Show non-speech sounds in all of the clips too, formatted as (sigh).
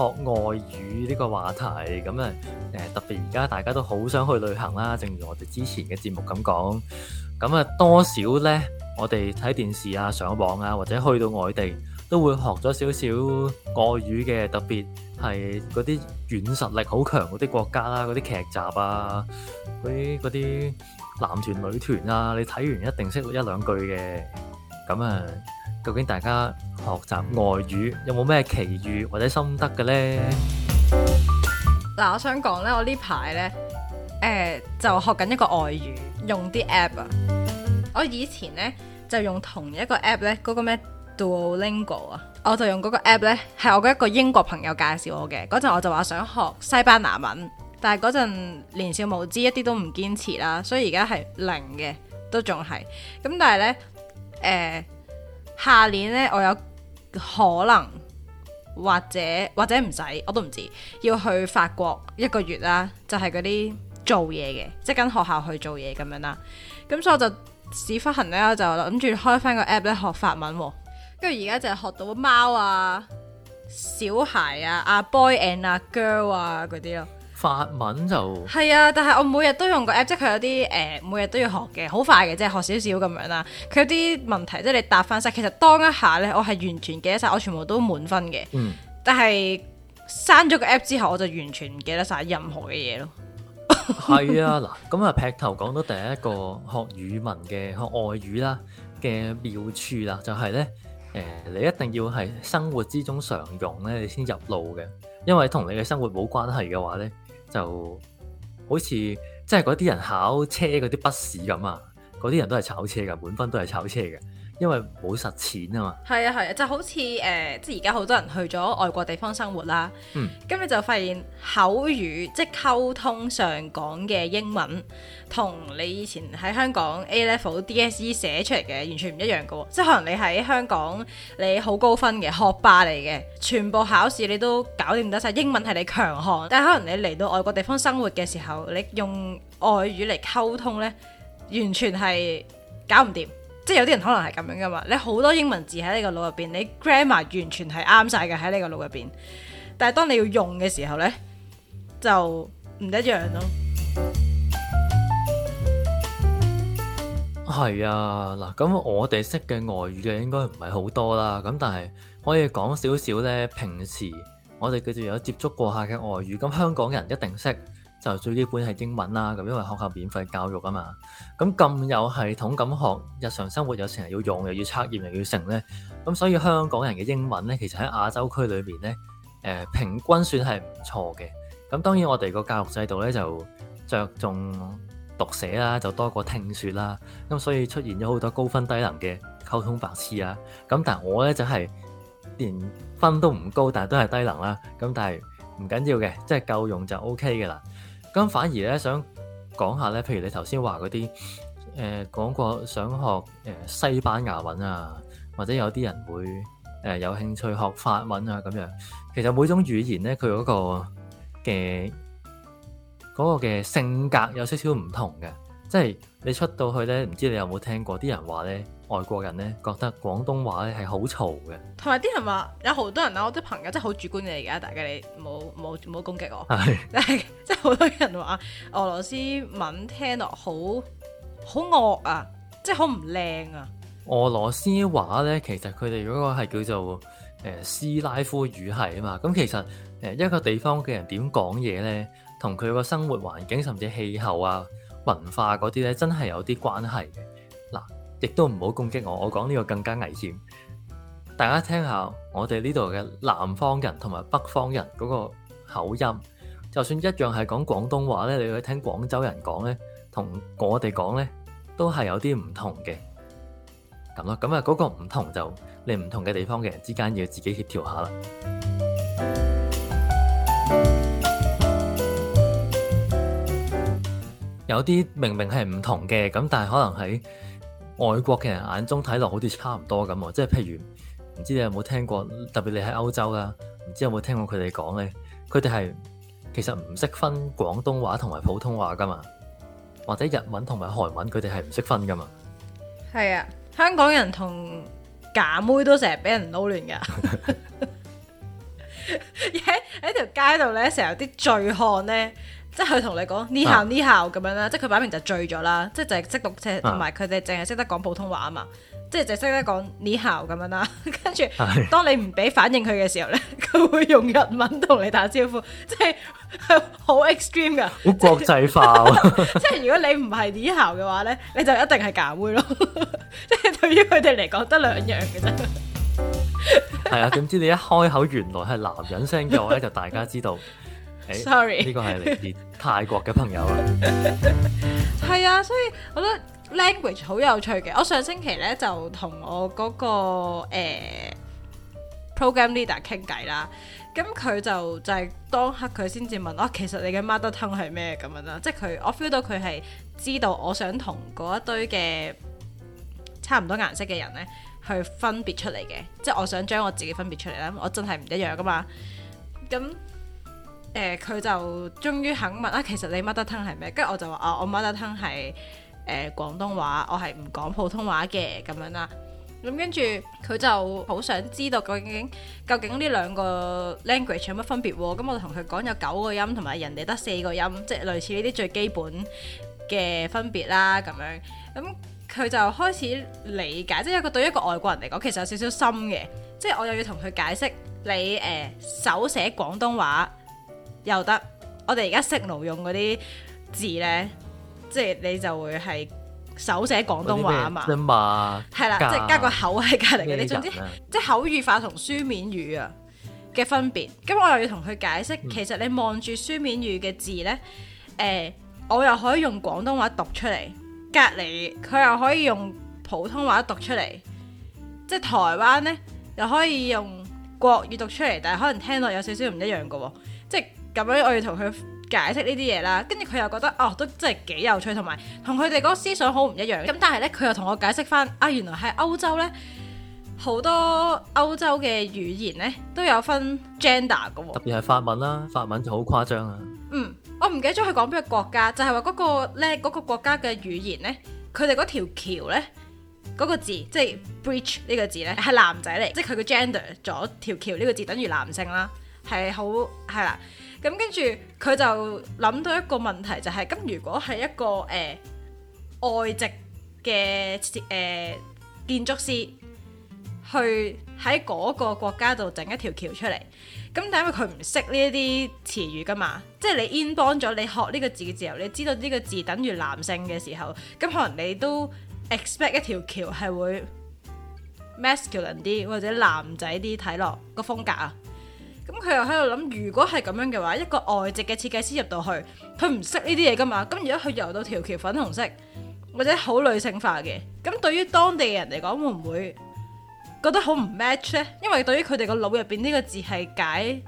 學外語呢個話題，咁啊，誒，特別而家大家都好想去旅行啦，正如我哋之前嘅節目咁講，咁啊，多少呢？我哋睇電視啊、上網啊，或者去到外地，都會學咗少少外語嘅，特別係嗰啲軟實力好強嗰啲國家啦、啊，嗰啲劇集啊，嗰啲嗰啲男團女團啊，你睇完一定識一兩句嘅，咁啊。究竟大家學習外語有冇咩奇遇或者心得嘅呢？嗱，我想講呢，我呢排呢，誒、呃、就學緊一個外語，用啲 app 啊。我以前呢，就用同一個 app 呢，嗰個咩 Duolingo 啊，我就用嗰個 app 呢，係我嘅一個英國朋友介紹我嘅。嗰陣我就話想學西班牙文，但係嗰陣年少無知，一啲都唔堅持啦，所以而家係零嘅，都仲係。咁但係呢。誒、呃。下年呢，我有可能或者或者唔使，我都唔知，要去法國一個月啦，就係嗰啲做嘢嘅，即跟學校去做嘢咁樣啦。咁所以我就屎忽痕行，我就諗住開翻個 app 咧，學法文，跟住而家就係學到貓啊、小孩啊、阿 boy and 啊 girl 啊嗰啲咯。法文就係啊，但係我每日都用個 app，即係佢有啲誒、呃，每日都要學嘅，好快嘅，即係學少少咁樣啦。佢有啲問題，即係你答翻晒，其實當一下咧，我係完全記得晒，我全部都滿分嘅。嗯，但係刪咗個 app 之後，我就完全唔記得晒任何嘅嘢咯。係 (laughs) 啊，嗱，咁啊，劈頭講到第一個學語文嘅學外語啦嘅妙處啦，就係咧誒，你一定要係生活之中常用咧，你先入腦嘅，因為同你嘅生活冇關係嘅話咧。就好似即係嗰啲人考車嗰啲筆試噉啊，嗰啲人都係炒車嘅，滿分都係炒車嘅。因為冇實踐啊嘛，係 (noise) 啊係啊，就好似誒，即係而家好多人去咗外國地方生活啦。嗯，咁你就發現口語即係溝通上講嘅英文，同你以前喺香港 A level DSE 寫出嚟嘅完全唔一樣㗎喎。即係可能你喺香港你好高分嘅學霸嚟嘅，全部考試你都搞掂得晒。英文係你強項。但係可能你嚟到外國地方生活嘅時候，你用外語嚟溝通呢，完全係搞唔掂。即係有啲人可能係咁樣噶嘛，你好多英文字喺你個腦入邊，你 grammar 完全係啱晒嘅喺你個腦入邊，但係當你要用嘅時候呢，就唔一樣咯。係啊，嗱，咁我哋識嘅外語嘅應該唔係好多啦，咁但係可以講少少呢，平時我哋叫做有接觸過下嘅外語，咁香港人一定識。就最基本係英文啦，咁因為學校免費教育啊嘛，咁咁有系統咁學日常生活有成日要用，又要測驗又要成咧，咁所以香港人嘅英文咧，其實喺亞洲區裏面咧，誒、呃、平均算係唔錯嘅。咁當然我哋個教育制度咧就着重讀寫啦，就多過聽説啦，咁所以出現咗好多高分低能嘅溝通白痴啊。咁但係我咧就係、是、連分都唔高，但係都係低能啦。咁但係唔緊要嘅，即、就、係、是、夠用就 OK 嘅啦。咁反而咧，想講下咧，譬如你頭先話嗰啲，誒、呃、講過想學誒、呃、西班牙文啊，或者有啲人會誒、呃、有興趣學法文啊咁樣。其實每種語言咧，佢嗰個嘅嗰個嘅性格有少少唔同嘅，即係你出到去咧，唔知你有冇聽過啲人話咧？外國人咧，覺得廣東話咧係好嘈嘅，同埋啲人話有好多人啊，我啲朋友真係好主觀嚟㗎，而家大家你冇冇冇攻擊我，係即係好多人話俄羅斯文聽落好好惡啊，即係好唔靚啊。俄羅斯話咧，其實佢哋嗰個係叫做誒、呃、斯拉夫語系啊嘛，咁其實誒一個地方嘅人點講嘢咧，同佢個生活環境甚至氣候啊、文化嗰啲咧，真係有啲關係嘅。亦都唔好攻擊我，我講呢個更加危險。大家聽下，我哋呢度嘅南方人同埋北方人嗰個口音，就算一樣係講廣東話呢，你去聽廣州人講呢，同我哋講呢，都係有啲唔同嘅。咁咯，咁啊，嗰個唔同就你唔同嘅地方嘅人之間要自己協調下啦。有啲明明係唔同嘅，咁但係可能喺外國嘅人眼中睇落好似差唔多咁喎，即係譬如唔知你有冇聽過，特別你喺歐洲啦、啊，唔知有冇聽過佢哋講咧，佢哋係其實唔識分廣東話同埋普通話噶嘛，或者日文同埋韓文佢哋係唔識分噶嘛。係啊，香港人同假妹都成日俾人撈亂噶，而喺喺條街度咧，成日有啲醉漢咧。即係佢同你講你好你好咁樣啦，啊、即係佢擺明就醉咗啦，啊、即係就係識讀即係同埋佢哋淨係識得講普通話啊嘛，即係就識得講你好咁樣啦。跟住當你唔俾反應佢嘅時候咧，佢會用日文同你打招呼，即係好 extreme 噶，好國際化咯、啊。即係是 (laughs) 如果你唔係你好嘅話咧，你就一定係假妹咯。 (laughs) 即係對於佢哋嚟講，得兩樣嘅啫。係 (laughs) 啊，點知你一開口原來係男人聲嘅話咧，就大家知道。 (laughs) 哎、Sorry，呢個係嚟自泰國嘅朋友啊，係啊，所以我覺得 language 好有趣嘅。我上星期呢，就同我嗰、嗰個、欸、program leader 傾偈啦，咁、嗯、佢就就係當刻佢先至問哦、啊，其實你嘅 mother tongue 係咩咁樣啦、嗯？即係佢，我 feel 到佢係知道我想同嗰一堆嘅差唔多顏色嘅人呢，去分別出嚟嘅。即係我想將我自己分別出嚟啦，我真係唔一樣噶嘛。咁、嗯誒佢、呃、就終於肯問啦、啊，其實你 mother tongue 係咩？跟住我就話啊，我 mother tongue 係廣東話，我係唔講普通話嘅咁樣啦。咁跟住佢就好想知道究竟究竟呢兩個 language 有乜分別喎、啊？咁、嗯、我同佢講有九個音，同埋人哋得四個音，即係類似呢啲最基本嘅分別啦。咁樣咁佢、嗯、就開始理解，即係一個對於一個外國人嚟講，其實有少少深嘅。即係我又要同佢解釋你誒、呃、手寫廣東話。又得，我哋而家識挪用嗰啲字呢，即係你就會係手寫廣東話啊嘛，係啦，了即係加個口喺隔籬嘅。你總之即係口語化同書面語啊嘅分別。咁我又要同佢解釋，嗯、其實你望住書面語嘅字呢，誒、呃，我又可以用廣東話讀出嚟，隔籬佢又可以用普通話讀出嚟，即係台灣呢，又可以用國語讀出嚟，但係可能聽落有少少唔一樣嘅、哦。咁樣我要同佢解釋呢啲嘢啦，跟住佢又覺得哦，都真係幾有趣，同埋同佢哋嗰個思想好唔一樣。咁但係呢，佢又同我解釋返啊，原來喺歐洲呢，好多歐洲嘅語言呢都有分 gender 嘅喎、哦。特別係法文啦、啊，法文就好誇張啊。嗯，我唔記得咗佢講邊個國家，就係話嗰個呢嗰、嗰個、國家嘅語言呢，佢哋嗰條橋呢嗰個字，即係 bridge 呢個字呢，係男仔嚟，即係佢嘅 gender 咗條橋呢個字等於男性啦，係好係啦。咁跟住佢就諗到一個問題，就係咁如果係一個誒外籍嘅誒建築師去喺嗰個國家度整一條橋出嚟，咁但因為佢唔識呢一啲詞語噶嘛，即係你 inborn 咗，你學呢個字嘅時候，你知道呢個字等於男性嘅時候，咁可能你都 expect 一條橋係會 masculine 啲或者男仔啲睇落個風格啊。咁佢又喺度諗，如果係咁樣嘅話，一個外籍嘅設計師入到去，佢唔識呢啲嘢噶嘛？咁如果佢油到條橋粉紅色或者好女性化嘅，咁對於當地嘅人嚟講，會唔會覺得好唔 match 呢？因為對於佢哋個腦入邊呢個字係解，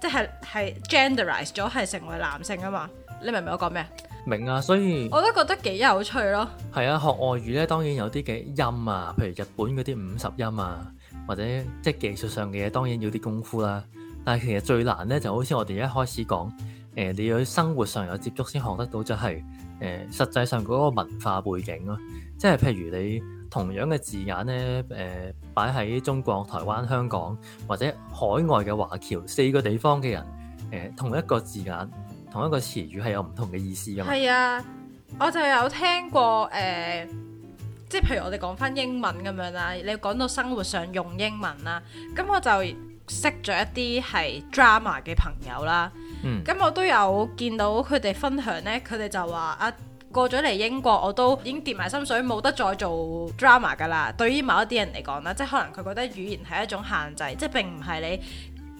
即係係 genderize 咗係成為男性啊嘛？你明唔明我講咩啊？明啊，所以我都覺得幾有趣咯。係啊，學外語呢，當然有啲嘅音啊，譬如日本嗰啲五十音啊，或者即係技術上嘅嘢，當然要啲功夫啦。但係其實最難咧，就好似我哋一開始講，誒、呃、你要喺生活上有接觸先學得到，就是，就係誒實際上嗰個文化背景咯啊。即係譬如你同樣嘅字眼咧，誒擺喺中國、台灣、香港或者海外嘅華僑四個地方嘅人，誒、呃、同一個字眼，同一個詞語係有唔同嘅意思㗎嘛。係啊，我就有聽過誒、呃，即係譬如我哋講翻英文咁樣啦，你要講到生活上用英文啦，咁我就。識咗一啲係 drama 嘅朋友啦，咁、嗯、我都有見到佢哋分享呢，佢哋就話啊，過咗嚟英國我都已經跌埋心水，冇得再做 drama 噶啦。對於某一啲人嚟講啦，即係可能佢覺得語言係一種限制，即係並唔係你。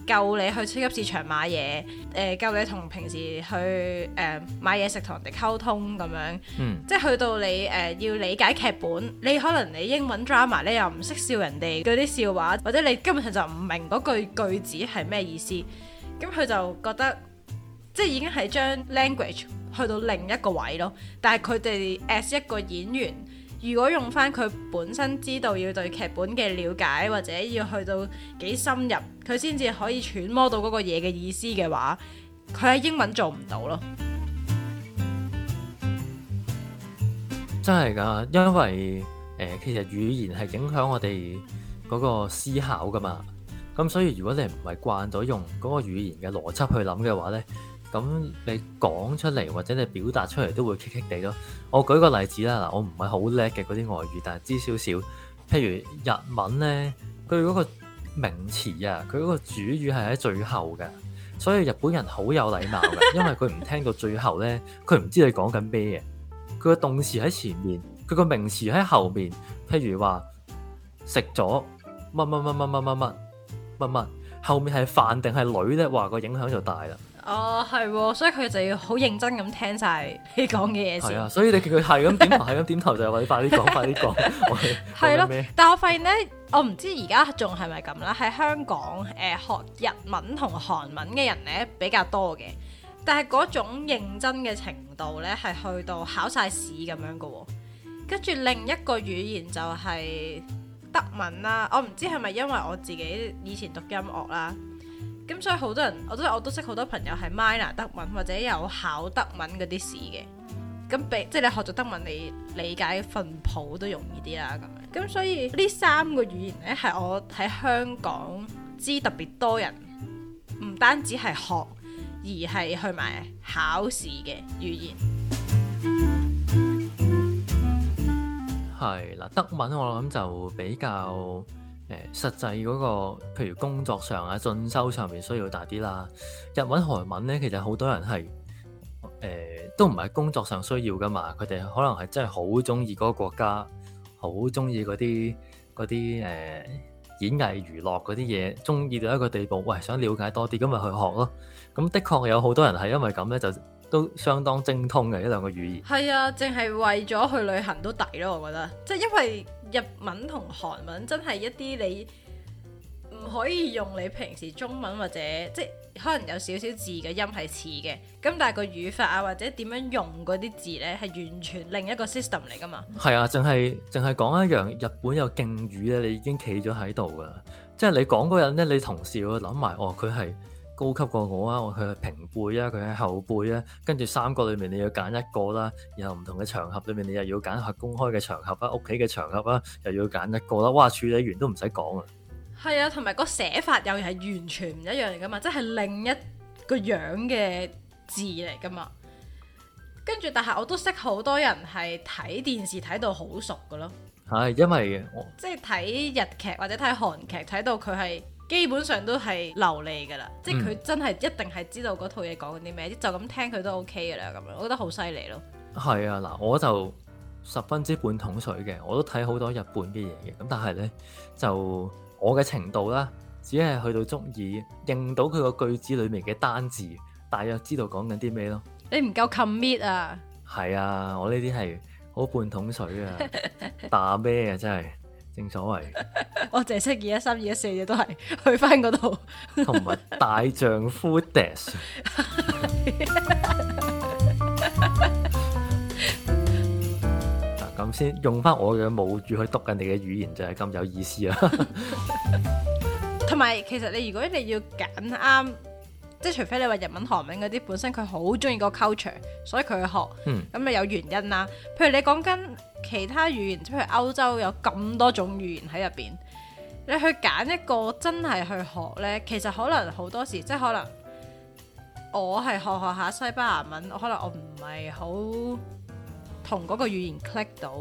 夠你去超級市場買嘢，誒、呃、夠你同平時去誒、呃、買嘢食同人哋溝通咁樣，嗯、即係去到你誒、呃、要理解劇本。你可能你英文 drama 你又唔識笑人哋嗰啲笑話，或者你根本上就唔明嗰句句子係咩意思。咁佢就覺得即係已經係將 language 去到另一個位咯。但係佢哋 as 一個演員。如果用翻佢本身知道要對劇本嘅了解，或者要去到幾深入，佢先至可以揣摩到嗰個嘢嘅意思嘅話，佢喺英文做唔到咯。真係㗎，因為、呃、其實語言係影響我哋嗰個思考㗎嘛。咁所以如果你唔係慣咗用嗰個語言嘅邏輯去諗嘅話呢。咁、嗯、你講出嚟或者你表達出嚟都會棘棘地咯。我舉個例子啦，嗱，我唔係好叻嘅嗰啲外語，但係知少少。譬如日文咧，佢嗰個名詞啊，佢嗰個主語係喺最後嘅，所以日本人好有禮貌嘅，因為佢唔聽到最後咧，佢唔知你講緊咩嘢。佢個動詞喺前面，佢個名詞喺後面。譬如話食咗乜乜乜乜乜乜乜乜，後面係飯定係女咧，話個影響就大啦。哦，係，所以佢就要好認真咁聽晒你講嘅嘢先。係啊，所以你叫佢係咁點，係咁點頭就係話你快啲講， (laughs) 快啲講。係咯，的但係我發現咧，我唔知而家仲係咪咁啦。喺香港誒、呃、學日文同韓文嘅人咧比較多嘅，但係嗰種認真嘅程度咧係去到考晒試咁樣嘅喎、哦。跟住另一個語言就係德文啦、啊，我唔知係咪因為我自己以前讀音樂啦、啊。咁所以好多人，我都我都識好多朋友係 minor 德文或者有考德文嗰啲事嘅。咁比即係你學咗德文，你理解份譜都容易啲啦。咁，咁所以呢三個語言呢，係我喺香港知特別多人唔單止係學，而係去埋考試嘅語言。係啦，德文我諗就比較。誒，實際嗰、嗰個譬如工作上啊、進修上面需要大啲啦。日文、韓文咧，其實好多人係誒、呃、都唔係工作上需要噶嘛。佢哋可能係真係好中意嗰個國家，好中意嗰啲嗰啲誒演藝娛樂嗰啲嘢，中意到一個地步，喂、呃，想了解多啲，咁咪去學咯。咁的確有好多人係因為咁咧，就都相當精通嘅一兩個語言。係啊，淨係為咗去旅行都抵咯，我覺得，即係因為。日文同韓文真係一啲你唔可以用你平時中文或者即係可能有少少字嘅音係似嘅，咁但係個語法啊或者點樣用嗰啲字呢，係完全另一個 system 嚟噶嘛。係啊，淨係淨係講一樣日本有敬語咧，你已經企咗喺度噶，即係你講嗰人呢，你同事會諗埋哦，佢係高級過我啊！佢係平輩啊，佢係後輩啊。跟住三個裏面你要揀一個啦。然後唔同嘅場合裏面你又要揀下公開嘅場合啊，屋企嘅場合啊，又要揀一個啦。哇！處理完都唔使講啊。係啊，同埋個寫法又係完全唔一樣嚟㗎嘛，即係另一個樣嘅字嚟噶嘛。跟住，但係我都識好多人係睇電視睇到好熟㗎咯。係，因為我即係睇日劇或者睇韓劇睇到佢係。基本上都係流利噶啦，即係佢真係一定係知道嗰套嘢講緊啲咩，嗯、就咁聽佢都 OK 噶啦，咁樣我覺得好犀利咯。係啊，嗱，我就十分之半桶水嘅，我都睇好多日本嘅嘢嘅，咁但係呢，就我嘅程度啦，只係去到足以認到佢個句子裏面嘅單字，大約知道講緊啲咩咯。你唔夠 commit 啊？係啊，我呢啲係好半桶水啊， (laughs) 打咩啊，真係。正所謂，我淨係七二一三二一四嘅都係去翻嗰度，同埋大丈夫です。嗱，咁先用翻我嘅母語去讀緊你嘅語言，就係咁有意思啦。同埋其實你如果一定要揀啱。即除非你話日文、韓文嗰啲本身佢好中意嗰個 culture，所以佢去學，咁咪、嗯、有原因啦。譬如你講緊其他語言，即譬如歐洲有咁多種語言喺入邊，你去揀一個真係去學呢，其實可能好多時即係可能我係學學下西班牙文，我可能我唔係好同嗰個語言 click 到，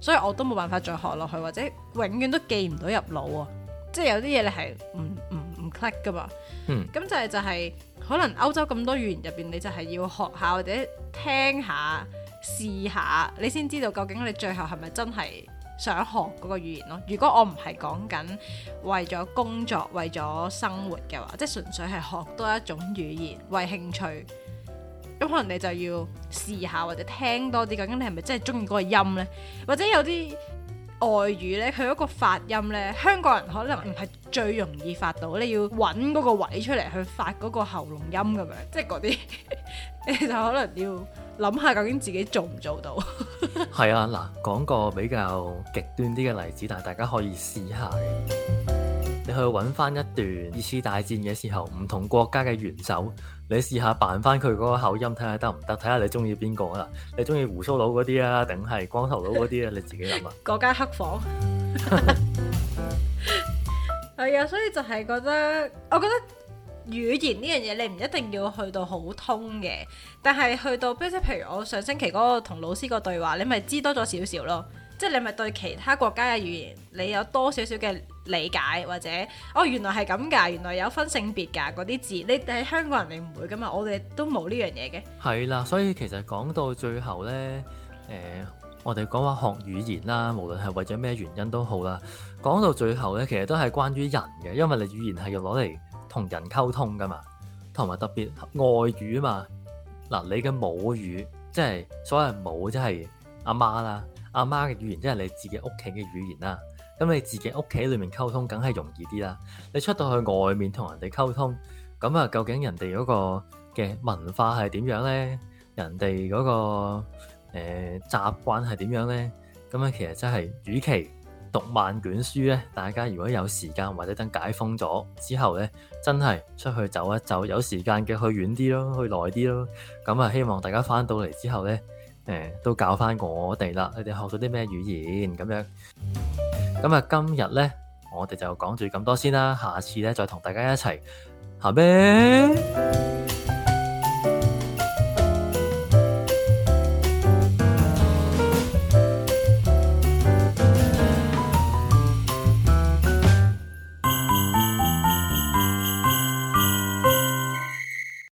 所以我都冇辦法再學落去，或者永遠都記唔到入腦啊。即係有啲嘢你係唔唔 click 噶嘛。嗯，咁就係、是、就係、是。可能歐洲咁多語言入邊，你就係要學下或者聽下試下，你先知道究竟你最後係咪真係想學嗰個語言囉。如果我唔係講緊為咗工作、為咗生活嘅話，即係純粹係學多一種語言為興趣，咁可能你就要試下或者聽多啲，究竟你係咪真係中意嗰個音呢？或者有啲。外語咧，佢嗰個發音咧，香港人可能唔係最容易發到，你要揾嗰個位出嚟去發嗰個喉嚨音咁樣，即係嗰啲你就可能要諗下究竟自己做唔做到。係 (laughs) 啊，嗱，講個比較極端啲嘅例子，但係大家可以試下。你去揾翻一段二次大戰嘅時候唔同國家嘅元首。你試下扮翻佢嗰個口音，睇下得唔得？睇下你中意邊個啊？你中意鬍鬚佬嗰啲啊，定係光頭佬嗰啲啊？你自己諗啊。嗰 (laughs) 間黑房。係啊，所以就係覺得，我覺得語言呢樣嘢，你唔一定要去到好通嘅，但係去到，比如譬如我上星期嗰個同老師個對話，你咪知多咗少少咯。即係你咪對其他國家嘅語言，你有多少少嘅。理解或者哦，原來係咁㗎，原來有分性別㗎嗰啲字，你哋係香港人你唔會㗎嘛，我哋都冇呢樣嘢嘅。係啦，所以其實講到最後咧，誒、呃，我哋講話學語言啦，無論係為咗咩原因都好啦，講到最後咧，其實都係關於人嘅，因為你語言係要攞嚟同人溝通㗎嘛，同埋特別外語啊嘛，嗱，你嘅母語即係所謂母，即係阿媽啦，阿媽嘅語言即係你自己屋企嘅語言啦。咁你自己屋企裏面溝通，梗係容易啲啦。你出到去外面同人哋溝通，咁啊，究竟人哋嗰個嘅文化係點樣呢？人哋、那、嗰個誒習慣係點樣呢？咁啊，其實真係，與其讀萬卷書呢，大家如果有時間或者等解封咗之後呢，真係出去走一走，有時間嘅去遠啲咯，去耐啲咯。咁啊，希望大家翻到嚟之後呢，誒、呃，都教翻我哋啦。你哋學咗啲咩語言咁樣？咁啊，今日呢，我哋就講住咁多先啦，下次呢再同大家一齊，下咩？